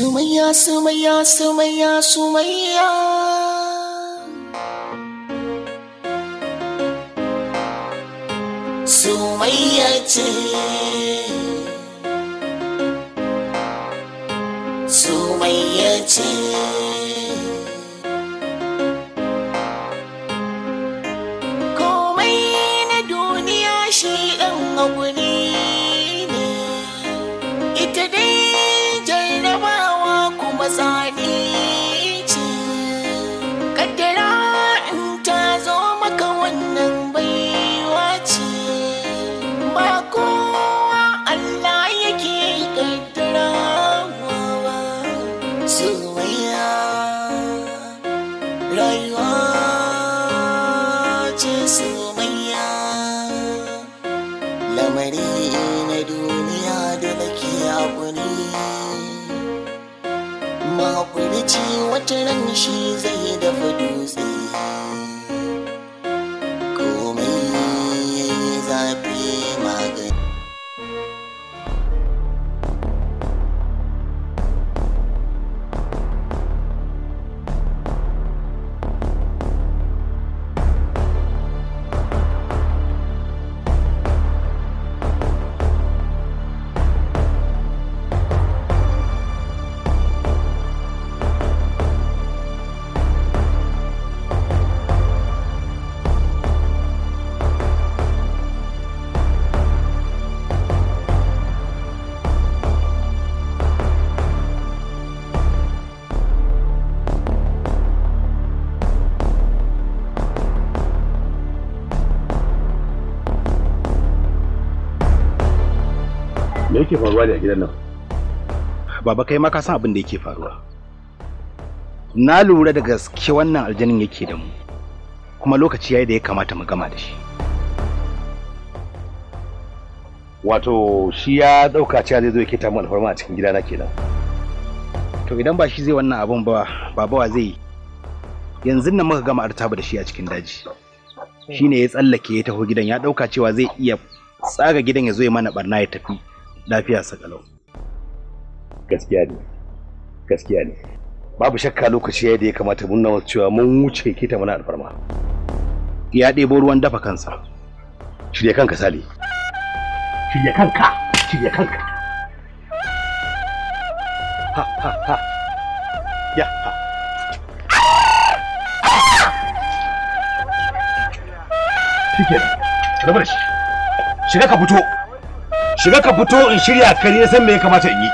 Sumayya, Sumayya, Sumayya, Sumayya. Sumayya ce. Sumayya ce. yake faruwa ne a gidan nan baba kai ma ka san abin da yake faruwa na lura da gaske wannan aljanin yake da mu kuma lokaci yayi da ya kamata mu gama da shi wato shi ya dauka cewa zai zo ya ta mu alfarma a cikin gidana kenan to idan ba shi zai wannan abun ba baba wa zai yanzu nan muka gama artaba da shi a cikin daji shine ya tsallake ya taho gidan ya dauka cewa zai iya tsaga gidan ya zo ya mana barna ya tafi lafiya sakalau gaskiya ne gaskiya ne babu shakka lokaci yadda da ya kamata mun nawa cewa mun wuce kita mana alfarma ya ɗebo ruwan dafa kansa shirya kanka Sali. shirya kanka shirya kanka ha ha ha ya ha shi ke rabar shi shiga ka fito shiga ka fito in shirya kare ya san me ya kamata in yi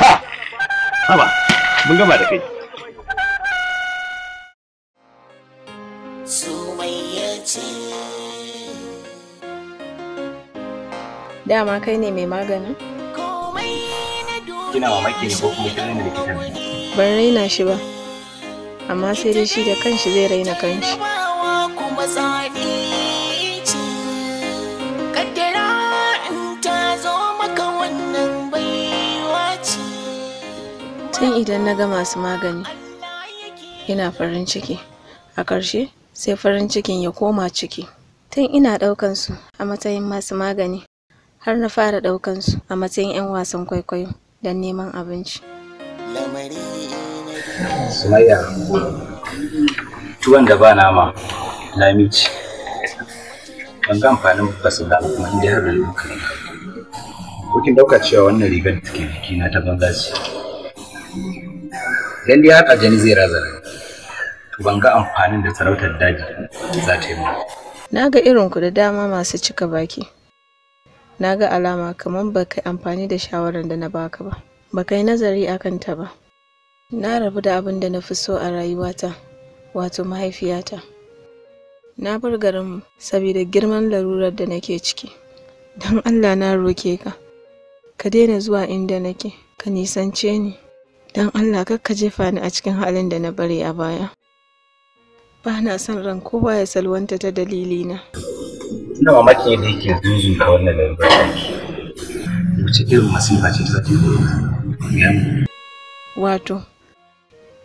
ha haba mun gama da kai dama kai ne mai magana. kina mamaki ne ko kuma kina ne likitan ban raina shi ba amma sai dai shi da kanshi zai raina kanshi tun idan na ga masu magani ina farin ciki a ƙarshe sai farin cikin ya koma ciki tun ina ɗaukan su a matsayin masu magani har na fara ɗaukan su a matsayin 'yan wasan kwaikwayo don neman abinci sumayya tuwon da ba nama lamici ban ga amfanin basula kuma inda har da lokacin kukin ɗauka cewa wannan rigar da ke na ta bangaci idan dai har aljani zai razana to ban ga amfanin da sarautar daji za ta yi na ga irin ku da dama masu cika baki na ga alama kamar ba kai amfani da shawarar da na baka ba ba kai nazari a ta ba na rabu da abin da na fi so a rayuwata wato mahaifiyata na bar garinmu saboda girman larurar da nake ciki don allah na roke ka ka daina zuwa inda nake ka nisance ni don Allah kakka jefa ni a cikin halin da na bari a baya ba na son ran kowa ya salwanta ta dalilina ina mamakin da yake zuzu da wannan labarin wace irin masifa ce ta wato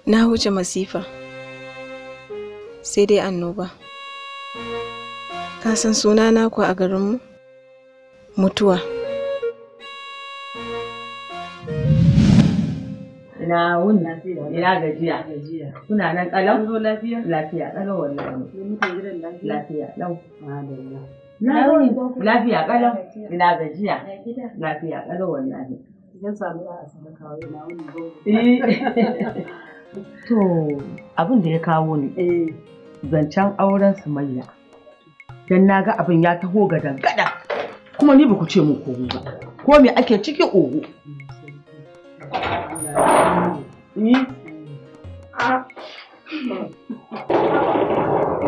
na huce masifa sai dai annoba ka san suna naku a garinmu mutuwa na wannan ina gajiya kuna nan kalau zo lafiya lafiya kalau wallahi lafiya lau lafiya kalau ina gajiya lafiya kalau wani idan samu za a samu kawo ina wani eh. to abin da ya kawo ni eh. zancen auren sumayya dan na ga abin ya taho ga dangada kuma ni ba ku ce mu kogo ba ko me ake ciki ogo Ah. A.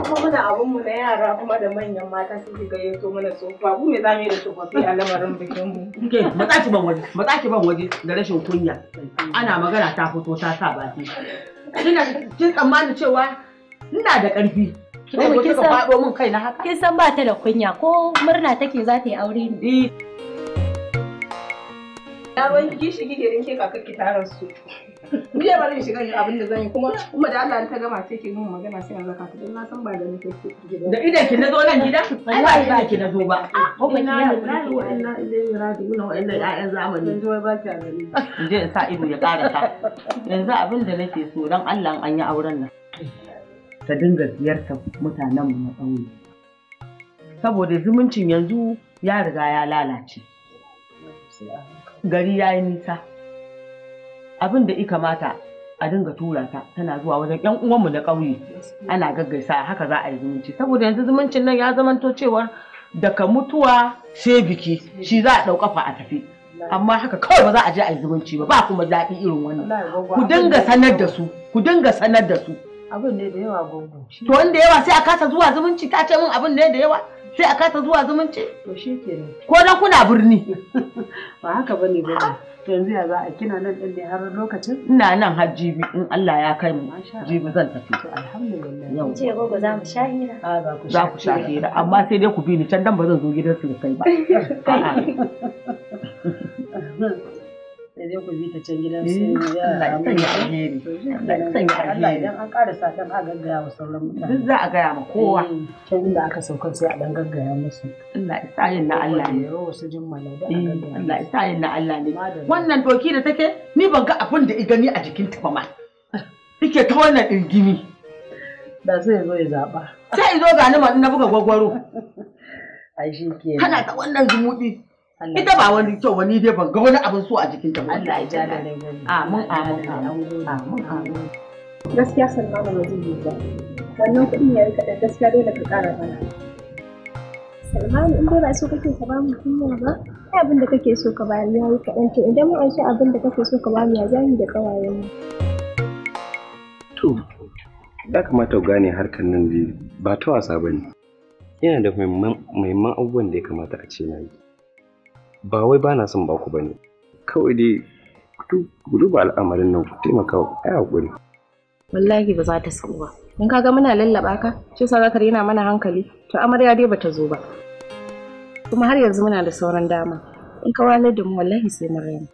Kuma abinmu na yara kuma da manyan mata su shiga ya mana tsofa. za mu yi da tsofaffi a lamarin bikinmu? ki ban waje, ki ban waje da rashin kunya. Ana magana ta fito ta sa baki. kin tsammani cewa ina da ƙarfi. kin san ba ta da kunya ko murna take za ta yi aure ne. Eh. Yaron kishi kike rinke kakar ki tarar su. Ni ya bari shiga abin da zan yi kuma kuma da Allah ta gama sai ki mun magana sai an zaka don na san ba da ni kai Da idan ki nazo nan gida? Ai ba ki nazo ba. Ko ba ki yana da wa'annan idan rabi wannan wa'annan ƴaƴan zamani. Yanzu zuwa ba ki gani. Inje in sa ido ya ƙara ta. Yanzu abin da nake so dan Allah an yi auren nan. Ta dinga ziyartar mutanen mu na ƙauye. Saboda zumuncin yanzu ya riga ya lalace. gari ya yi nisa abin da ika mata a dinga tura ta tana zuwa wajen yan uwanmu na ƙauye ana gaggaisa haka za a yi zumunci saboda yanzu zumuncin nan ya zamanto cewa. daga mutuwa sai biki shi za a ɗaukafa a tafi amma haka kawai ba za a je a yi zumunci ba ba kuma daɗi irin wannan ku dinga sanar da su ku dinga sanar da su abin ne da yawa gungun to wanda yawa sai a kasa zuwa zumunci ta ce min abin ne da yawa sai a kasa zuwa zumunci to shikenan ko dan kuna birni ba haka bane ba yanzu ya za a kina nan din ne har lokacin ina nan har jibi in Allah ya kai mu jibi zan tafi alhamdulillah yau je gogo za mu shahira za ku Za ku shahira amma sai dai ku bi ni can dan ba zan zo gidan su kai ba sai dai ku bi ta can gidan su eh, ya sanya alheri Allah idan an dan a gaggaya wa sauran mutane duk za a gaya ma kowa eh. can inda aka sauka sai a dan gaggaya musu Allah yin na Allah ne wasu jimmala da Allah isa yin na Allah ne wannan doki da take ni ban ga abin da i gani a jikin ta ma take ta wannan dingimi da sai zo ya zaba sai zo ga ni ma na buga gwagwaro ai shi ke kana ta wannan zumuɗi Ita ba wani kyau wani dai ban ga wani abin so a jikinta ba. Allah ya ja da rai. Amin amin amin Gaskiya Salmanu ba zai yi ba. Wannan kuɗin ya rika da gaskiya dole ka ƙara mana. Salmanu in dai ba so kake ka ba mu kunya ba, kai abin da kake so ka bayar ya yi kaɗan to idan mun aishi abin da kake so ka ba mu ya za da ƙawayen mu. To, ya kamata ku gane harkar nan biyu ba ta wasa ba ne. Yana da muhimman abubuwan da ya kamata a ce na yi. ba wai ba na son baku ba ne kawai dai ku duba al'amarin nan ku taimaka wa ai hakuri wallahi ba za ta so ba in kaga muna lallaba ka shi sa zakar yana mana hankali to amarya dai bata zo ba kuma har yanzu muna da sauran dama in ka wale da mu wallahi sai mu raina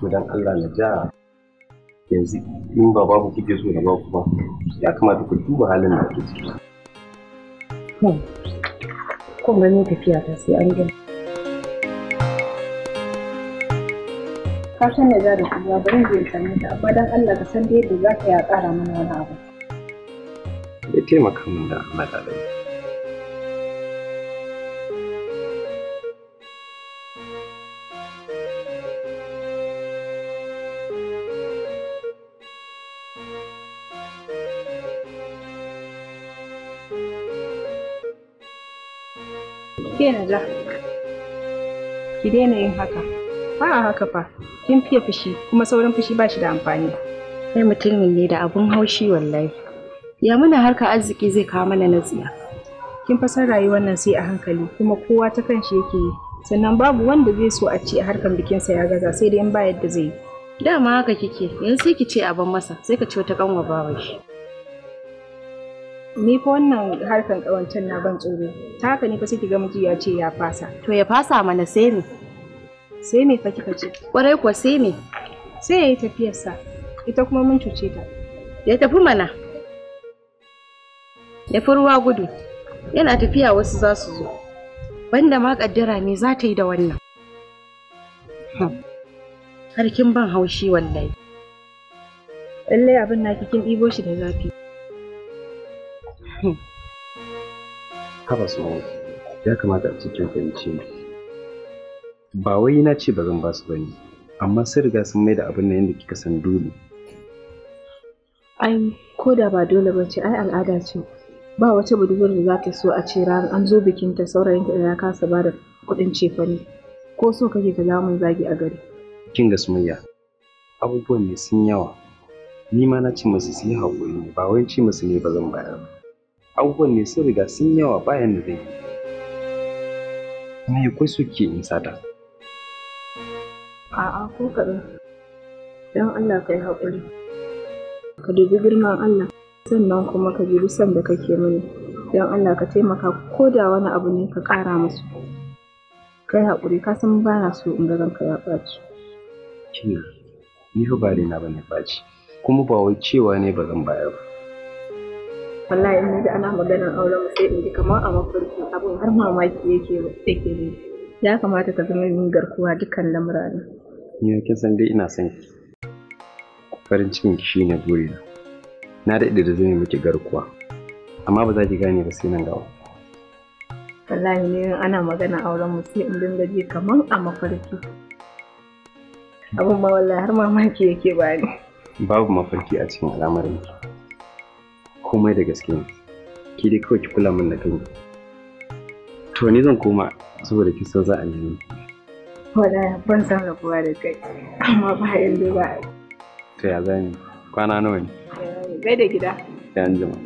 to dan Allah na ja yanzu in ba babu kuke so na baku ba ya kamata ku duba halin da kuke ciki hmm. kun gani tafiya ta sai an gani ka sanya da kuma bari zai sami ta amma dan Allah ka san da ka ya ƙara mana wani abu. Ya taimaka min da Allah ki daina yin haka. A'a haka fa, kin fiye fushi kuma sauran fushi ba shi da amfani. Kai mutumin ne da abun haushi wallahi. Ya muna harka arziki zai kawo mana natsiya. Kin fasar rayuwar nan sai a hankali kuma kowa ta kan shi yake yi. Sannan babu wanda zai so a ci a harkan sa ya gaza sai dai in ba yadda zai yi. Dama haka kike, yanzu sai ki ce a ban masa, sai ka ce wata kanwa babu shi. ni fa wannan harkan kawancan na ban tsoro ta haka ne fa sai ki ga miji ya ce ya fasa to ya fasa mana sai ne sai me fa kika ce kwarai kuwa sai me sai yayi tafiyarsa ita kuma mun cuce ta ya tafi mana ya fi ruwa gudu yana tafiya wasu za su zo banda ma kaddara me za ta yi da wannan har hmm. kin ban haushi wallahi lallai abin na kikin ɗibo shi da zafi hmm. haba su ya kamata a cikin fahimci ne ba wai na ce ba zan ba su ba ne amma sun riga sun mai da abin nan yadda kika san dole ai ko da ba dole ba ce ai al'ada ce ba wata budurwar da za ta so a ce ran an zo bikin ta saurayin ta ya kasa ba da kuɗin cefane ko so kake ka zamun zagi a gari kin ga sumayya abubuwan ne sun yawa ni ma na ce masu su yi haƙuri ne ba wai ce masu ne ba zan bayar ba abubuwan ne sun riga sun yawa bayan da zai yi me kai suke in sata A'a ko kaɗan. Don Allah ka yi haƙuri. Ka dubi girman Allah, sannan kuma ka dubi son da kake mini. Don Allah ka taimaka ko da wani abu ne ka ƙara musu. Kai haƙuri, ka san ba na so in ga ranka ya ɓaci. Kina, ni fa ba na ba ne ɓaci, kuma ba wai cewa ne ba zan bayar ba. Wallahi in da ana maganar auren mu sai in ji kamar a mafarki abin har mamaki yake yake ne. Ya kamata ka zama yin garkuwa dukkan ne. ni kin san dai ina son ki farin cikin ki shine burina na daɗe da zai miki garkuwa amma ba za ki gane ba sai nan gaba wallahi ne ana magana auren mu sai in dinga ji kaman a mafarki abin ma wallahi har mamaki yake bani babu mafarki a cikin al'amarin ki komai da gaske ne ki dai kawai ki kula min da kanki to ni zan koma saboda kin san za a nemi Wala ban san rabuwa da kai, amma ba yanzu ba. To ya zan kwana nawa ne? Bai da gida. Ya an jima.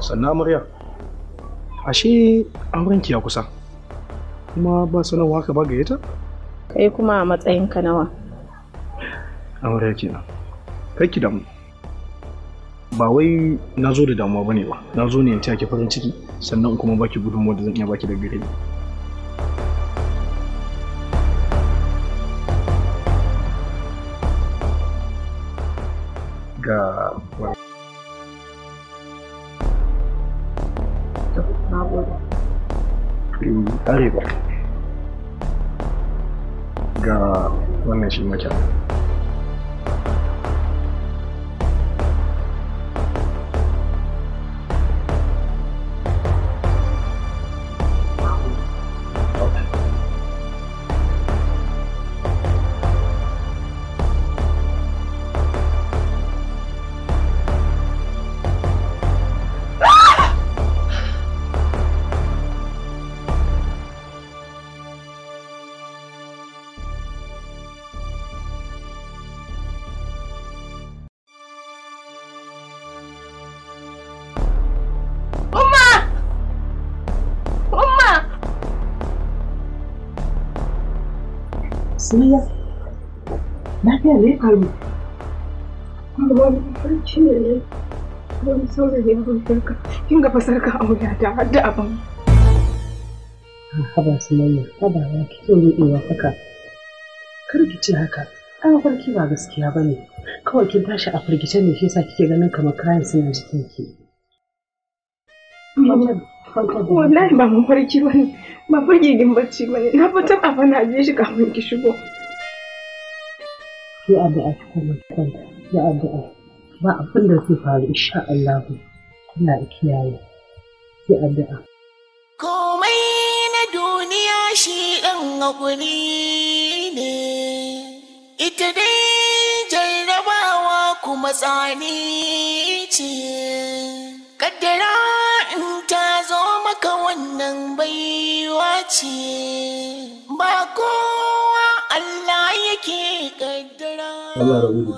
sannan murya ashe aurenki ya kusa kuma ba sanarwa ka ba gayyata? Kai kuma a ka nawa. ke nan Kai ki damu. Ba wai na zo da damuwa bane ba. Na zo ne in taya ki farin ciki sannan kuma baki gudunmuwa da zan iya baki da gare ni. Ga Na gode. Eh, ga wannan shi makyar Asiya. Lafiya ne faru? Wani farci ne ne. Wani saurayi ya sarka. Kin gafa sarka a wuyata har da abin. Haba su manya, haba ya kike ruɗewa haka. Kar ki ce haka. Ai farki ba gaskiya ba ne. Kawai kin tashi a firgice ne shi yasa kike ganin kamar kayan suna jikin ki. Wallahi ba mafarki ba ne. ba fagigin bacci ba ne na fitar abu na je shi kafin ki shigo ki addu'a ki kuma kwanta ya addu'a ba abin da zai faru insha Allah kuna kiyaye ki addu'a komai na duniya shi ɗan hakuri ne ita dai jarrabawa kuma tsani ce kaddara wannan baiwa ce ba kowa Allah yake kaddara Allah rabu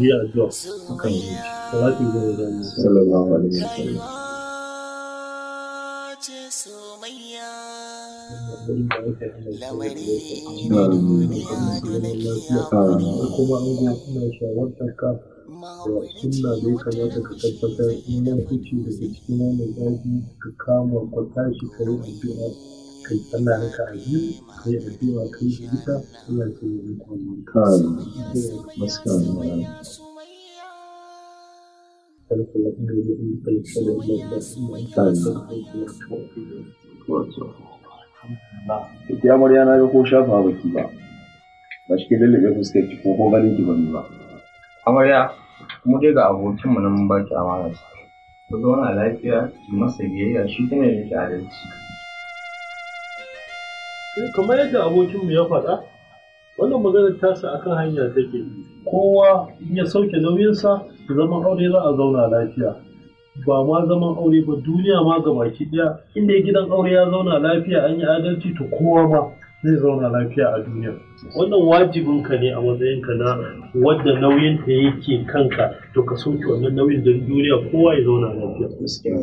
ni addu'a akan shi salatu ga Allah sallallahu alaihi wasallam lamari ne duniya dole ya kuma an ga kuma shawartar ka Allah zai kamata ka tabbatar in ya daga cikin wannan daji ka kama ka tashi ka yi addu'a kai Allah ya ka aji kai addu'a kai gita Allah ya yi kwamman kan maska na wani ya murya na ga ko shafa baki ba ba shi ke da fuskar ki ko ganin ki ba ni ba amarya kuma dai ga abokinmu nan mun baki amana ku zauna lafiya ki masa biyayya shi kuma ya miki adalci eh, kamar yadda abokinmu ya faɗa wannan maganar tasa akan hanya take kowa in ya sauke nauyinsa zaman aure za a zauna lafiya ba ma zaman aure ba duniya ma gabaki daya inda gidan aure ya zauna lafiya an yi adalci to kowa ma zai zauna lafiya a duniya wannan wajibin ka ne a matsayin ka na wadda nauyin ta yake kanka to ka soke wannan nauyin don duniya kowa ya zauna lafiya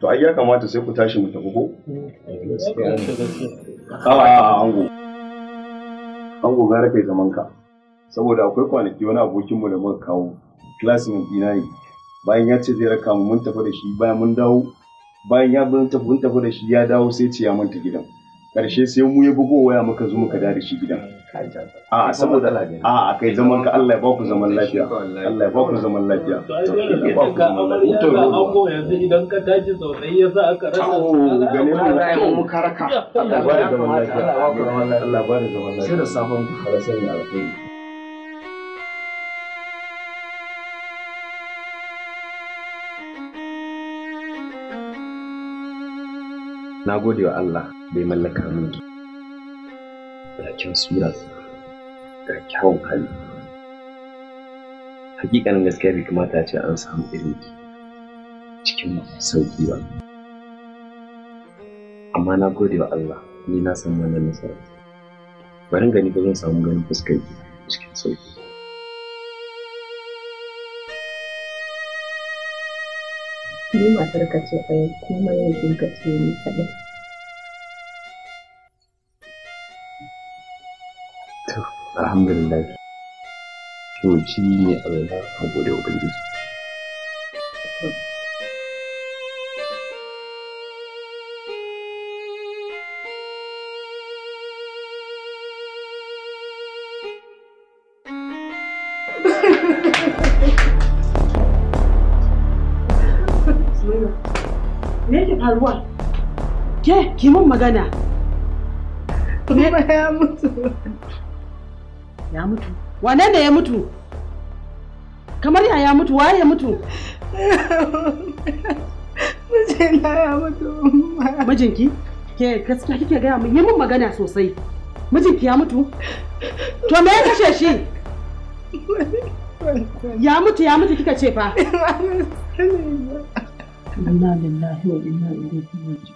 to ai ya kamata sai ku tashi mu tafi ko a ango ango gara kai zaman ka saboda akwai kwanaki wani abokin mu da muka kawo classmate dina ne bayan ya ce zai raka mu mun tafi da shi bayan mun dawo bayan ya bin tafi mun tafi da shi ya dawo sai ce ya manta gidan karshe sai mu ya bugo waya muka zo muka da shi gidan a saboda a a kai zaman ka Allah ya ba ku zaman lafiya Allah ya ba ku zaman lafiya to yanzu idan ka tashi sosai yasa aka rasa ga ne mu da mu karaka Allah ba da zaman lafiya Allah ba da zaman lafiya sai da safan ku fara sanya na gode wa Allah bai mallaka min ki da kyan sura da kyawun hali hakikanin gaskiya bai kamata ce an samu irin ki cikin sauki ba amma na gode wa Allah ni na san wannan nasara bari gani ba zan samu ganin fuskar ki cikin sauki ni matar ka ce ɗaya kuma yankin ka ce ni kaɗai. To, alhamdulillah. To, ci ne a bai na gode Ubangiji. Ke, ki mun magana. Kuma ya mutu. Ya mutu. Wane ne ya mutu? Kamar ya ya mutu, waye ya mutu? Mijina ya mutu. Mijinki? Ke gaskiya kike gaya mun yi mun magana sosai. Mijinki ya mutu? To me ya kashe shi? Ya mutu ya mutu kika ce fa. Allah lillahi wa inna ilaihi raji'un.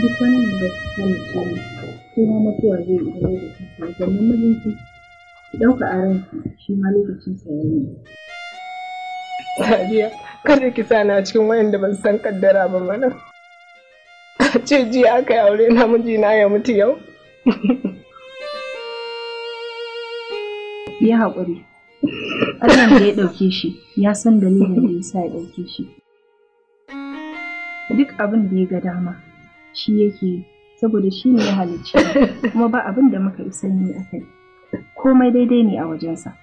duk wannan da ta mace ne sai ma mutuwa zai yi da lokacin sa sannan mijinki ki ɗauka a ranki shi ma lokacin sa ya yi Sadiya, kada ki sa na cikin wayanda ban san kaddara ba mana. A ce jiya aka yi aure na mijina ya mutu yau. Ya haƙuri. Allah da ya ɗauke shi ya san dalilin da ya sa ya ɗauke shi. Duk abin da ya ga dama shi yake yi saboda shi ne ya halicci kuma ba abin da muka yi yi a kai komai daidai ne a wajensa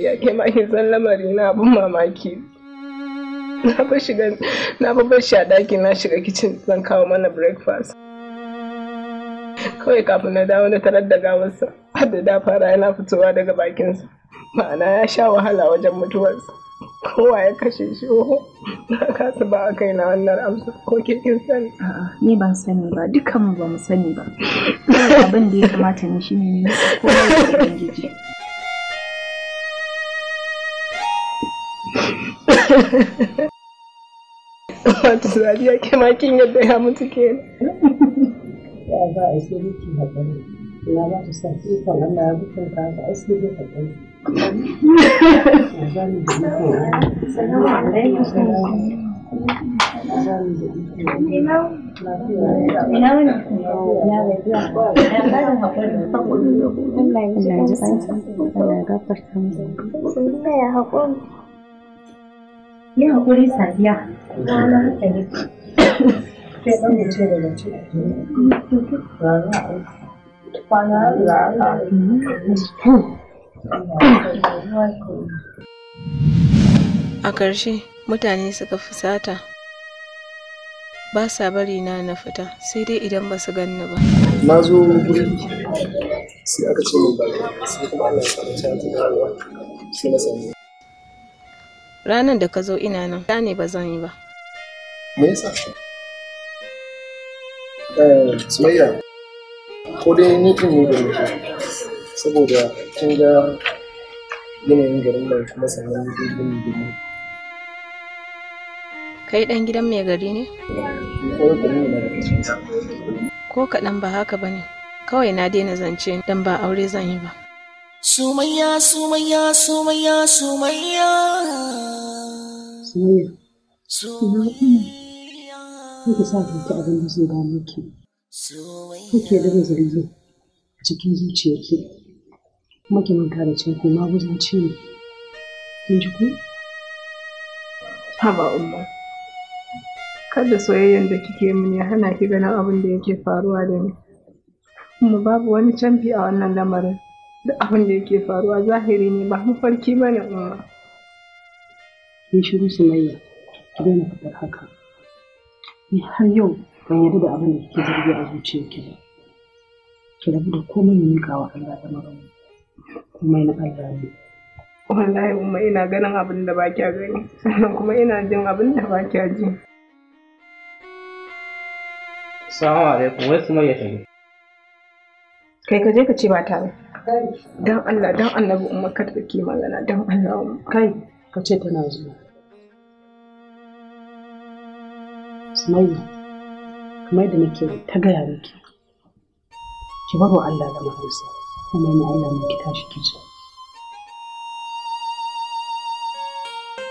ya ke ma zan lamari na abin mamaki na ba shi a daki na shiga kicin zan kawo mana breakfast kawai kafin na dawo na tarar da gawarsa har da da fara yana fitowa daga bakinsa ma'ana ya sha wahala wajen mutuwarsa kowa ya kashe shi na kasa ba a kai na wannan amsa ko ke kin sani ni ban sani ba dukkan ba mu sani ba abin da ya kamata ne shine ne ko wata ubangiji ya ke makin yadda ya mutu ke ya za a yi sai miki haƙari na ba ta sa ikon Allah ya bukunta ta ai sai dai haƙari Yi haƙuri sadiya. da a ƙarshe mutane suka fusata ba sa bari na na fita sai dai idan ba su ganni ba na zo gurin sai aka ce ba sai kuma Allah ya samu ta sai na sani ranar da ka zo ina nan ta ne ba zan yi ba me yasa eh sumayya ko dai ni kin yi da mutum saboda kin ga yanayin garin nan kuma sannan gudun gudun kai dan gidan mai gari ne ko kaɗan ba haka ba ne kawai na daina zance dan ba aure zan yi ba sumayya sumayya sumayya sumayya sumayya kuka sa ki abin da zai dame muke? kuke da zargi a cikin zuciyarki kuma ke manta da cin kuma ci ne kin ji ku haba umma kada soyayyen da kike min ya hana ki ganin abin da yake faruwa da ni kuma babu wani canfi a wannan lamarin da abin da yake faruwa zahiri ne ba mafarki ba ne umma Ni shiru mai ki daina fitar haka ni har yau ban yarda da abin da kike zargi a zuciyarki ba ki rabu da komai ne wa Allah da maramu komai na Allah ne wallahi umma ina ganin abin da ba kya gani sannan kuma ina jin abin da ba kya ji Assalamu alaikum wai kuma ya tafi kai ka je ka ce ba ta dan Allah dan bu umma ka take magana dan Allah kai ka ce tana zuwa Sumayya kamar da nake ta gaya miki ki baro Allah da mahaifinsa kuma na Allah mu ki tashi ki ci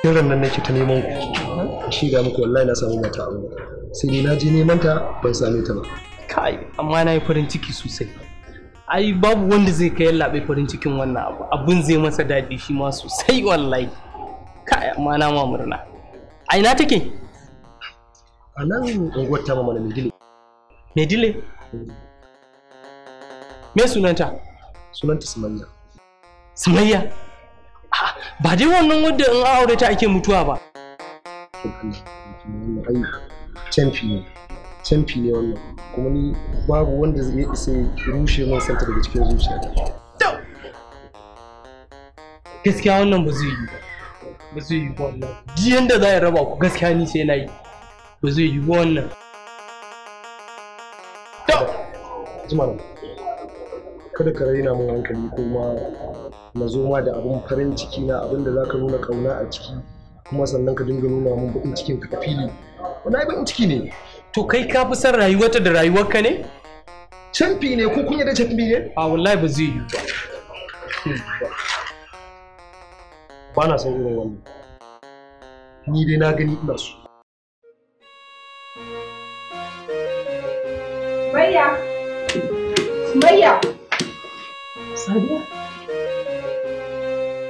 irin nan nake ta neman ku shi ga muku wallahi na samu mata aure sai ni na je neman ta ban same ta ba kai amma na yi farin ciki sosai ai babu wanda zai kai labe farin cikin wannan abu abun zai masa daɗi shi ma sosai wallahi kai amma na ma murna ai na take a nan unguwar ta mana mai dile mai dile mm. me sunanta sunanta samayya. Samayya? ba dai wannan wadda in aure ta ake mutuwa ba canfi ne canfi ne wannan kuma ni babu wanda zai isa rushe man santa daga cikin zuciya gaskiya wannan ba zai yi ba ba zai yi ba wannan duk yanda za ya raba ku gaskiya ni sai na yi ba zai yi ba wannan to kada ka raina mu hankali kuma na zo ma da abin farin ciki na abin da zaka nuna kauna a ciki kuma sannan ka dinga nuna min bakin cikin ka fili wani bakin ciki ne to kai ka fi son rayuwarta da rayuwarka ne canfi ne ko kun yadda canfi ne a wallahi ba zai yi ba na son irin wannan ni dai na gani ina so Maya! Maya! Sadiya?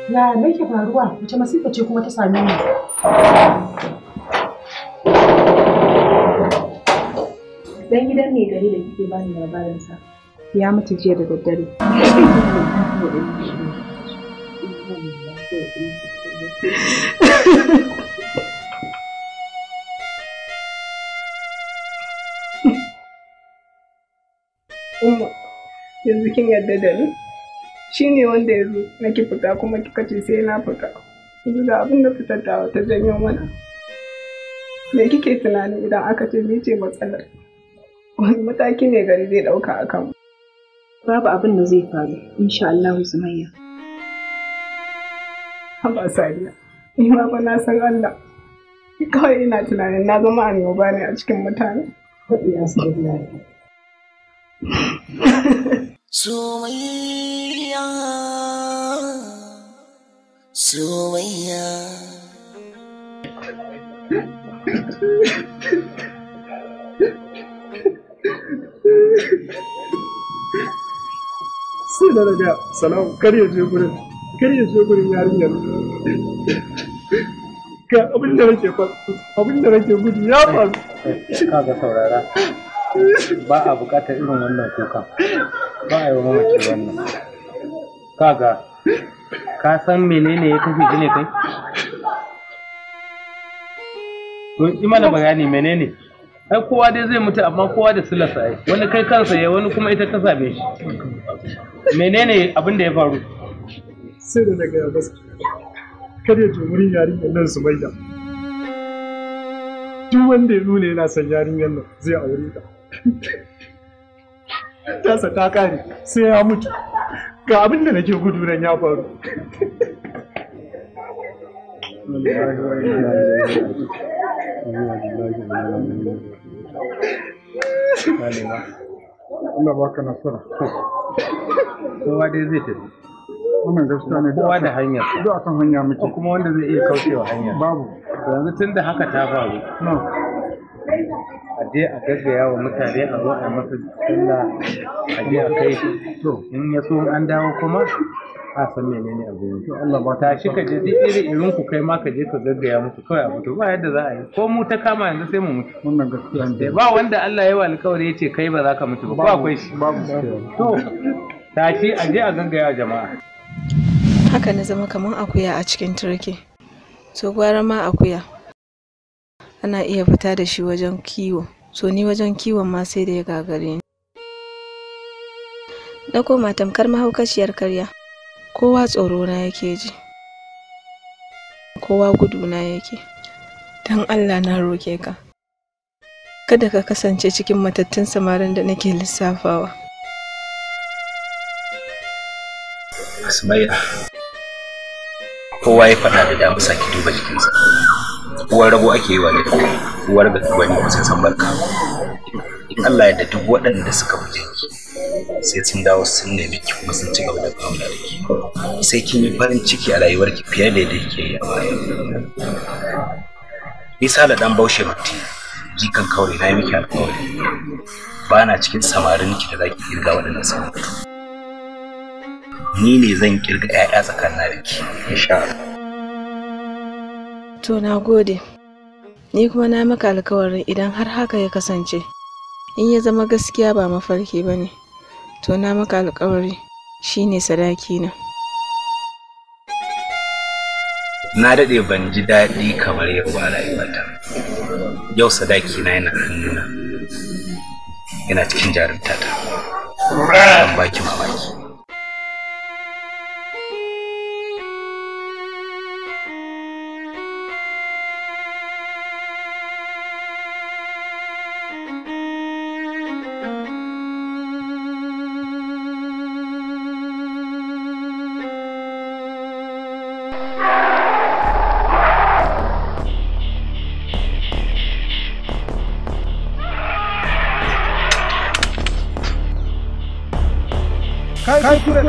Ya me ke faruwa? Wace masifa ce kuma ta same ni? Dan gidan ne gari da kike ba ni labarinsa. Ya mutu jiya da daddare. Umma, yanzu kin yarda da ni? shi ne wanda ya zo na ki fita kuma kika ce sai na fita yanzu da abin da fitar da ta janyo mana me kike tunanin idan aka ce ni ce matsalar wani mataki ne gari zai ɗauka a kan babu abin da zai faru insha Allah Zumayya haba sariya ni ma ba na san Allah kawai ina tunanin na zama annoba ne a cikin mutane. Kuɗi ya Sumayya Sumayya Sai da daga salam kar ya je gurin kar ya je gurin yarinyar ga abin da nake abin da nake gudu ya faru ga saurara ba a bukatar irin wannan kuka ba a yi wa mamaci wannan kaga ka san menene ya tafi ne kai Kun yi mana bayani menene ai kowa dai zai mutu amma kowa da silasa ai wani kai kansa ya wani kuma ita ta same shi menene abin da ya faru sai da daga bas kada ya wurin yarinyar nan su maida duk wanda ya nuna yana son yarinyar nan zai aure ta tasa ta kare sai ya mutu ga abin da nake gudu nan ya faru Allah ba ka nasara. Kowa dai zai tafi. Wannan gaskiya ne. Kowa da hanyar. Duk akan hanya muke. Kuma wanda zai iya kaucewa hanya. Babu. Yanzu tun da haka ta faru. a je a gaggaya wa mutane a zo a masa sallah a je a kai to in ya so an dawo kuma a san menene a gurin to Allah ba ta shi ka je duk irin irin ku kai ma ka je ka gaggaya musu kawai a fito ba yadda za a yi ko mu ta kama yanzu sai mu mutu wannan gaskiya ne ba wanda Allah ya yi alƙawari ya ce kai ba za ka mutu ba ko akwai shi to tashi a je a gaggaya jama'a haka na zama kaman akuya a cikin turke to gwara ma akuya ana iya fita da shi wajen kiwo so ni wajen kiwon ma sai da ya gagare ni na koma tamkar mahaukaciyar karya kowa tsoro na yake ji kowa gudu na yake don allah na roke ka kada ka kasance cikin matattun samarin da nake lissafawa asma'ila kowa ya faɗa da damu ki duba jikinsa uwar rago ake yi wa da uwar ga gwani sai san barka in Allah ya da duk waɗanda suka fita ki sai sun dawo sun nemi ki kuma sun ci gaba da kawo da ki sai kin yi farin ciki a rayuwar ki fiye da yadda kike yi a baya Isa dan Baushe ji jikan kawai na yi miki alƙawari ba na cikin samarin ki da za ki kirga waɗannan samarin ni ne zan kirga 'ya'ya tsakanin da ki insha Allah To na gode. Ni kuma na maka alkawarin idan har haka ya kasance, in ya zama gaskiya ba mafarki ba ne, to na maka alkawari shi ne sadaki na. Na daɗe ban ji daɗi kamar ya a rayuwata. Yau sadaki na yana hannuna, yana cikin ta. Ba baki mamaki.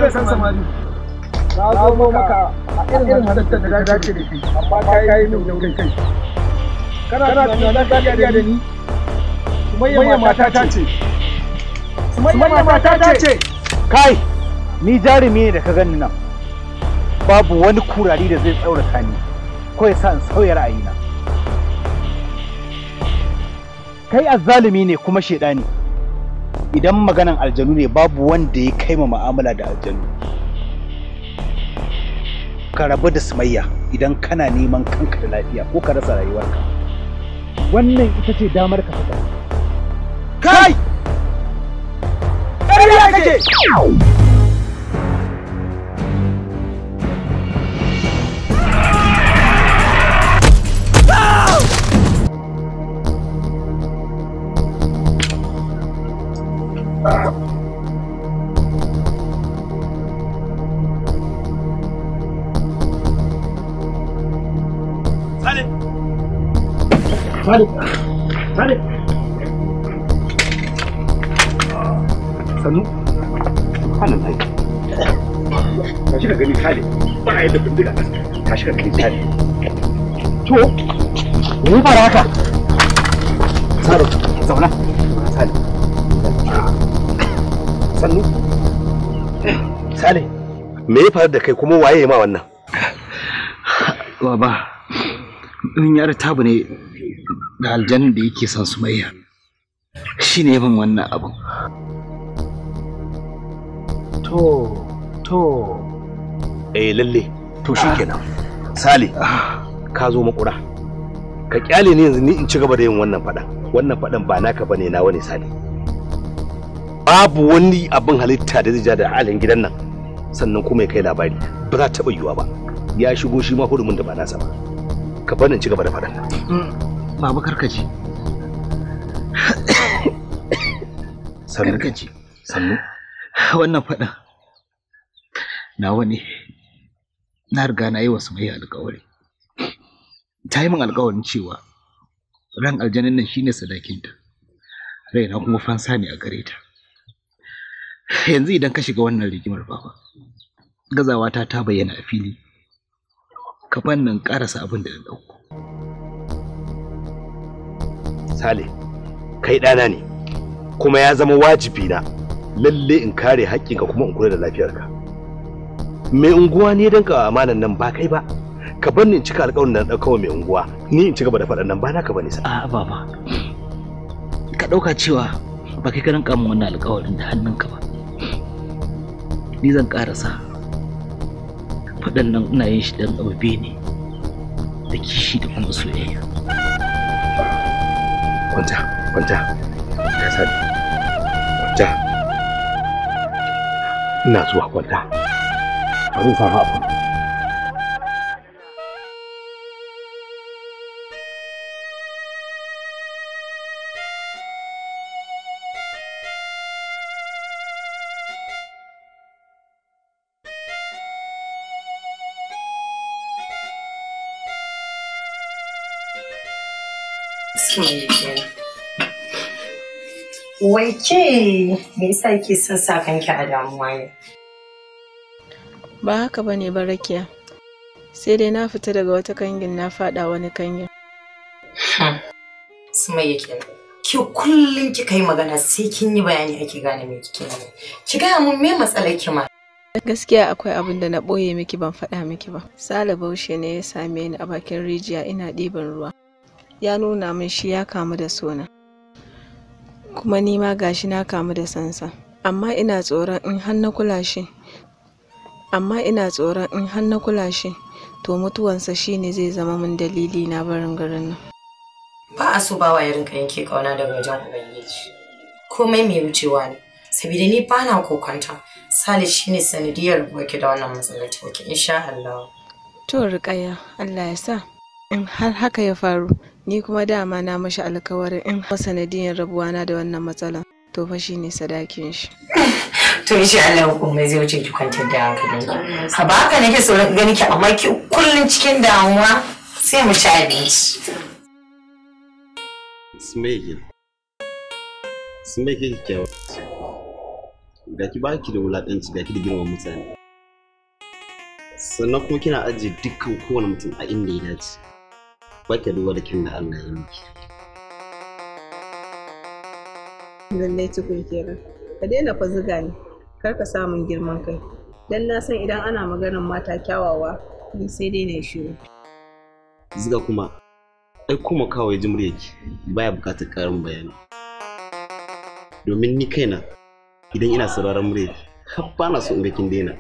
zai san samari na zo maka a irin halittar da ta dace da shi amma ka yi min yaurin kai kana tunanin ka iya da ni sumayya mata ta ce sumayya mata ta ce kai ni jarumi ne da ka gani nan babu wani kurari da zai tsaurata ni ko ya sa in sauya ra'ayina kai azzalumi ne kuma shaidani. ne idan maganan aljanu ne babu wanda ya kai ma mu'amala da aljanu ka rabu da sumayya idan kana neman kanka da lafiya ko ka rasa rayuwarka wannan ita ce damar ka kai kai kai kai da bindiga ka shiga to fara haka zauna sannu me ya faru da kai kuma waye ma wannan baba in yar tabu ne da aljan da yake son sumayya shi ne min wannan abu. to to eh lalle to ah. kenan. sale ah. ka zo makura ka kyale ni yanzu ni in ci gaba da yin wannan faɗan wannan faɗan ba naka bane na wani sale babu wani abin halitta da zai ja da halin gidan nan sannan kuma ya kai labari ba za ta taɓa yiwuwa ba ya shigo shi ma hurumin da ba nasa ba ka barin ci gaba da faɗan mm, babu karkaci sannu sannu wannan faɗan nawa ne na riga na yi wa sumayya alkawari ta yi min alkawarin cewa ran aljanin nan shine sadakinta raina kuma fansa ne a gare ta yanzu idan ka shiga wannan rigimar baba gazawa ta ta bayyana a fili ka fannin karasa abin da na ɗauko. sale kai ɗana ne kuma ya zama wajibi na lalle in kare haƙƙinka kuma in kula da lafiyarka mai unguwa ne don ka amanan nan ba kai ba ka bar ni in cika alƙawarin nan ɗaukawa mai unguwa ni in ci gaba da faɗan nan ba na ka bane sa a'a baba ka ɗauka cewa ba kai ka kamun wannan alƙawarin da hannunka ba ni zan ƙarasa faɗan nan ina yin shi dan ɗaube ne da kishi da kuma soyayya kwanta kwanta ka sani kwanta ina zuwa kwanta bari samu abu Wai ke me yasa ke son sa kanki a damuwa ne? ba haka ba ne ba sai dai na fita daga wata kangin na fada wani kangin sumayya kenan ki kullum kika yi magana sai kin yi bayani ake gane me kike ne ki gaya mun me matsalar ki ma gaskiya akwai abin da na boye miki ban faɗa miki ba sale baushe ne ya same ni a bakin rijiya ina ɗiban ruwa ya nuna min shi ya kamu da sona kuma ni ma gashi na kamu da sansa amma ina tsoron in har na kula shi amma ina tsoron in har na kula shi to mutuwansa shine zai zama min dalili na barin garin nan ba a so ba wa irin kan yake kauna daga wajen ubangiji komai mai wucewa ne saboda ni ba na kokonta sale shine sanadiyar wake da wannan matsalar ta wake insha Allah to riƙaya Allah ya sa in har haka ya faru ni kuma dama na mashi alkawarin in sanadiyar na da wannan matsalar to fa shine sadakin shi to insha Allah mai zai wuce ki kwantar da hankalinki ka ba haka nake so gani ki amma ki kullun cikin damuwa sai mu ci abinci Smegil Smegil kyawa ga ki baki da wulaƙanci ga ki da girman mutane sannan kuma kina ajiye dukkan kowane mutum a inda ya dace ba ki da kin da Allah ya miki lallai tukun kenan ka daina fa zuga ni kar ka samun girman kai dan na san idan ana maganar mata kyawawa ni sai dai na shiru ziga kuma ai kuma kawai ji muryarki baya bukatar karin bayani domin ni kaina idan ina sauraron muryarki har ba na so in ga kin daina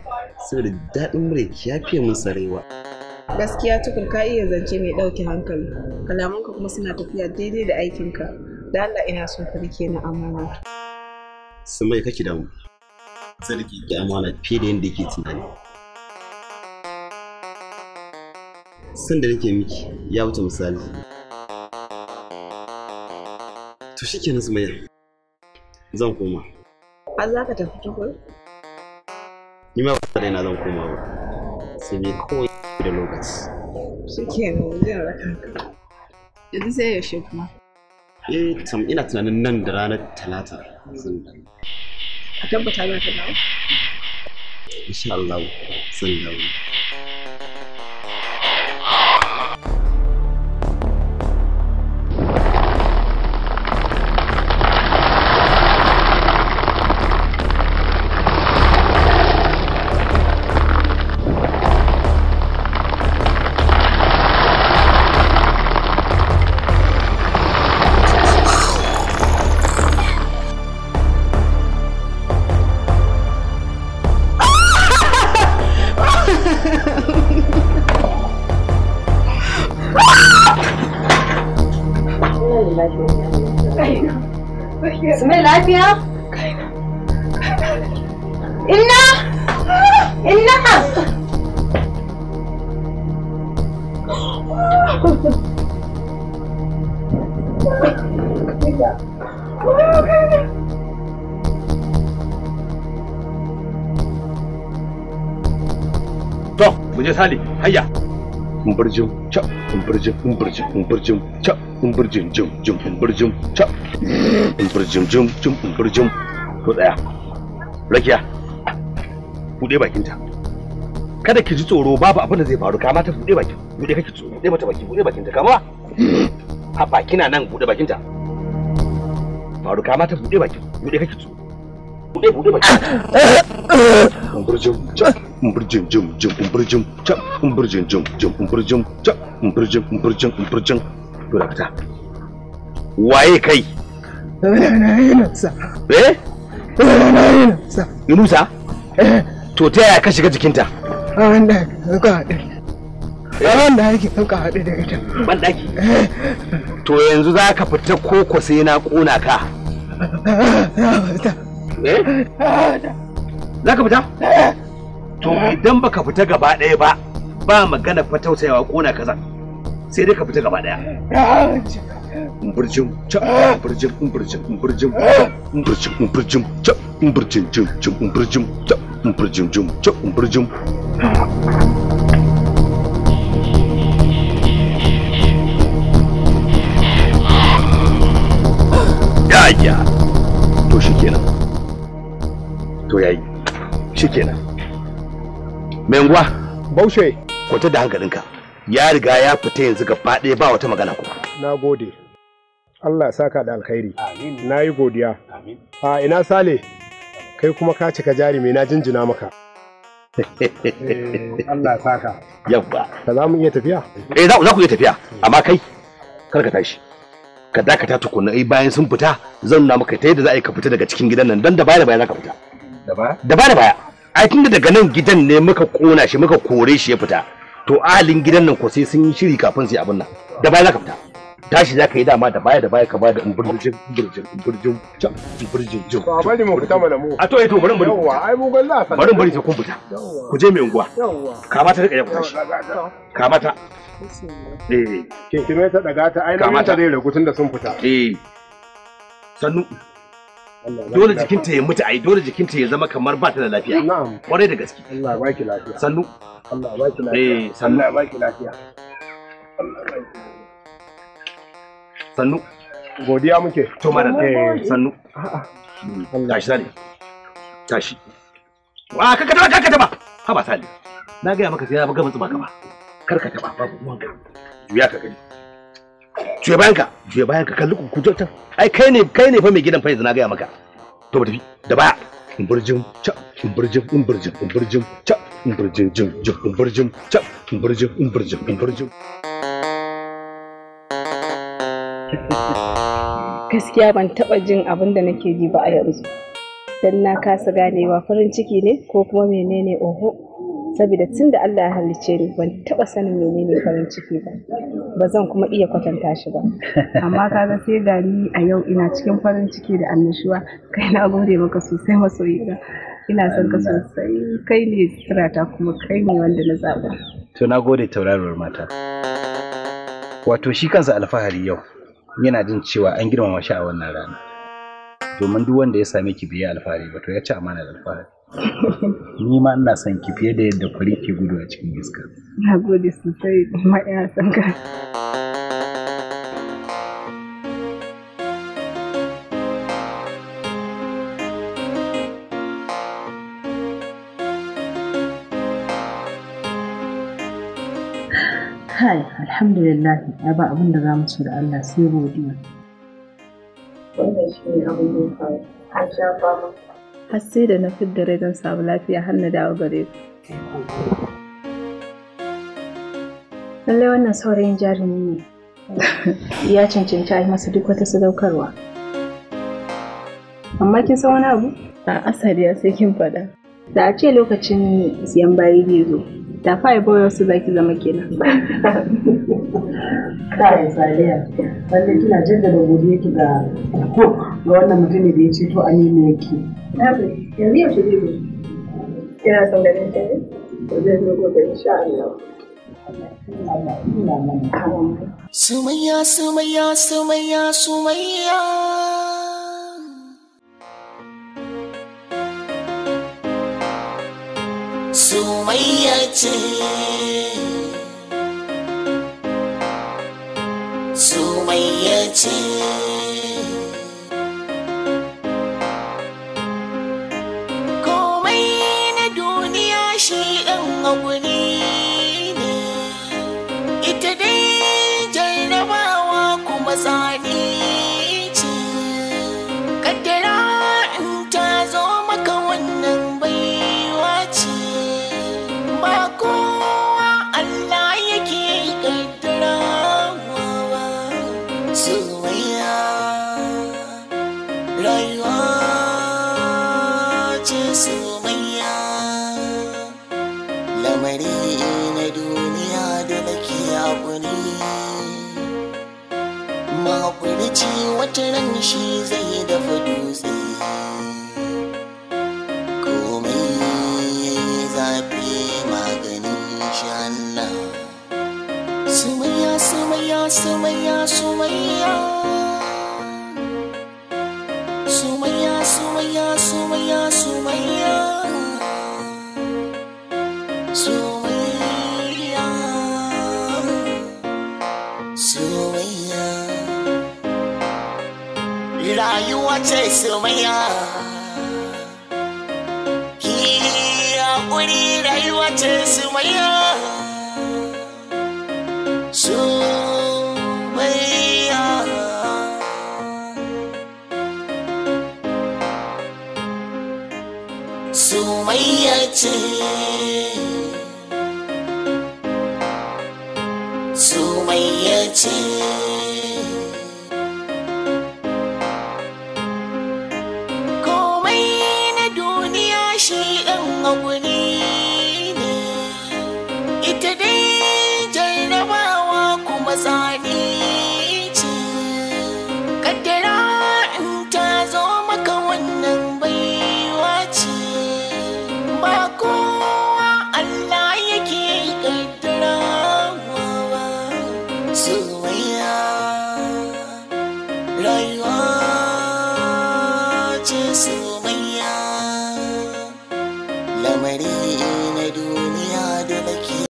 saboda daɗin muryarki ya fiye min sarewa gaskiya tukun ka iya zance mai ɗauke hankali kalamanka kuma suna tafiya daidai da aikinka da Allah ina so ka rike ni amana sumai kake damu sarki ki amana fiye da yadda ke tunani san da nake miki ya wuce misali to shi shikenan sumaya zan koma a za ka tafi tukur ni ma ba na zan koma ba sai dai kawai da lokaci shikenan zan raka yanzu sai ya shi kuma eh ina tunanin nan da ranar talata zan dawo a tabbata za ka dawo insha Allah zan dawo umbirjin umbirjin umbirjin buɗe bakinta kada ki ji tsoro babu abin da zai faru kama ta buɗe bakin buɗe kake tsoro buɗe mata baki buɗe bakinta kama a kina nan buɗe bakinta faru kama ta buɗe bakin buɗe kake tsoro buɗe buɗe bakin umbirjin jim jim umbirjin can umbirjin jim jim umbirjin can umbirjin umbirjin umbirjin to da waye kai eh inusa eh. to ta yaya ka shiga jikinta wanda ka haɗe wanda ake ka haɗe da ita ban ɗaki eh. to yanzu za ka fita koko sai na kona ka ah, eh? ah, za ka fita to idan baka fita gaba ɗaya ba ba magana fa tausayawa kona kaza sai dai ka fita gaba ɗaya umburjin ca umburjin umburjin umburjin umburjin umburjin ca umburjin jin jin umburjin ca umburjin jin ca umburjin yaya to shikenan to yayi shikenan menguwa baushe kwata da hankalinka ya riga ya fita yanzu ga faɗe ba wata magana kuma na gode Allah ya saka da alkhairi na yi godiya a ina sale kai kuma ka cika jarumi na jinjina maka eh, Allah ya saka yabba ka za mu iya tafiya eh za ku iya tafiya amma kai kar ka tashi ka dakata tukuna ai eh, bayan sun fita zan nuna maka ta yadda za a yi ka fita daga cikin gidan nan dan da baya da baya za ka fita da baya da baya ai tunda daga nan gidan ne muka kona shi muka kore shi ya fita to ahalin gidan nan ko sai sun yi shiri kafin su yi abin nan da baya zaka fita tashi zaka yi dama da baya da baya ka bada in burjin burjin burjin in burjin jin ka bari mu fita malamu a to eh to bari bari yawa ai mu galla fa bari bari ta kun fita ku je mai unguwa yawa ka mata rika ya tashi ka mata eh, eh. kinkime ta daga ta ai nan ta zai ragu tunda sun fita eh sannu dole jikinta ya mutu ai dole jikinta ya zama kamar ba ta da lafiya kwarai da gaske Allah ba ki lafiya sannu Allah ba ki lafiya eh sannu Allah ba ki lafiya sannu godiya muke to madan eh sannu hmm, tashi sani tashi wa ka ka taba ka ka ba ha ba sani na ga maka sai ya ga mutu ba ka ba kar ka ba babu ruwanka juya ka gani Juya bayan ka, juya bayan ka kalli ku can. Ai kai ne kai ne fa mai gidan fa na gaya maka. To ba tafi da baya. In burjin ca, in burjin, in burjin, in burjin ca, in burjin jin, jin, in burjin ca, in burjin, in burjin, in burjin. Gaskiya ban taɓa jin abin da nake ji ba a yanzu. Dan na kasa ganewa farin ciki ne ko kuma menene oho. saboda tun da Allah ya halice ni ban taba sanin menene farin ciki ba ba zan kuma iya kwatanta shi ba amma ka ga sai ga ni a yau ina cikin farin ciki da annashuwa kai na gode maka sosai masoyina ina son ka sosai kai ne sirata kuma kai ne wanda na zaba to na gode tauraruwar mata wato shi kansa alfahari yau yana jin cewa an girmama shi a wannan rana domin duk wanda ya same ki biya alfahari ba to ya ci amana da alfahari ni ma ina son ki fiye da yadda kwari ke gudu a cikin iska na gode sosai ma ina son ka Hai, alhamdulillah ya ba abin da za mu ci da Allah sai godiya wannan shi ne abin da ya faru an sha fama har sai da na fidda rai don samu lafiya har na dawo gare ku. Lallai wannan saurayin jarumi ne. Ya cancanci a yi masa duk wata sadaukarwa. Amma kin san wani abu? A asali ya sai kin faɗa. Da a ce lokacin siyan bayi bai zo, da fa yabo wasu zaki zama kenan. Kai Saliya, wanda kina jaddada ki ga ga wannan mutum da ya ceto a nemi yake. Yanzu yau shi zai Yana son ganin ta ne? Zai zo gobe insha Allah. Sumayya, Sumayya, Sumayya, Sumayya. Sumayya ce Sumayya ce sumaya, sumaya, sumaya, sumaya, sumaya, sumaya sumayya rayuwa ce sumayya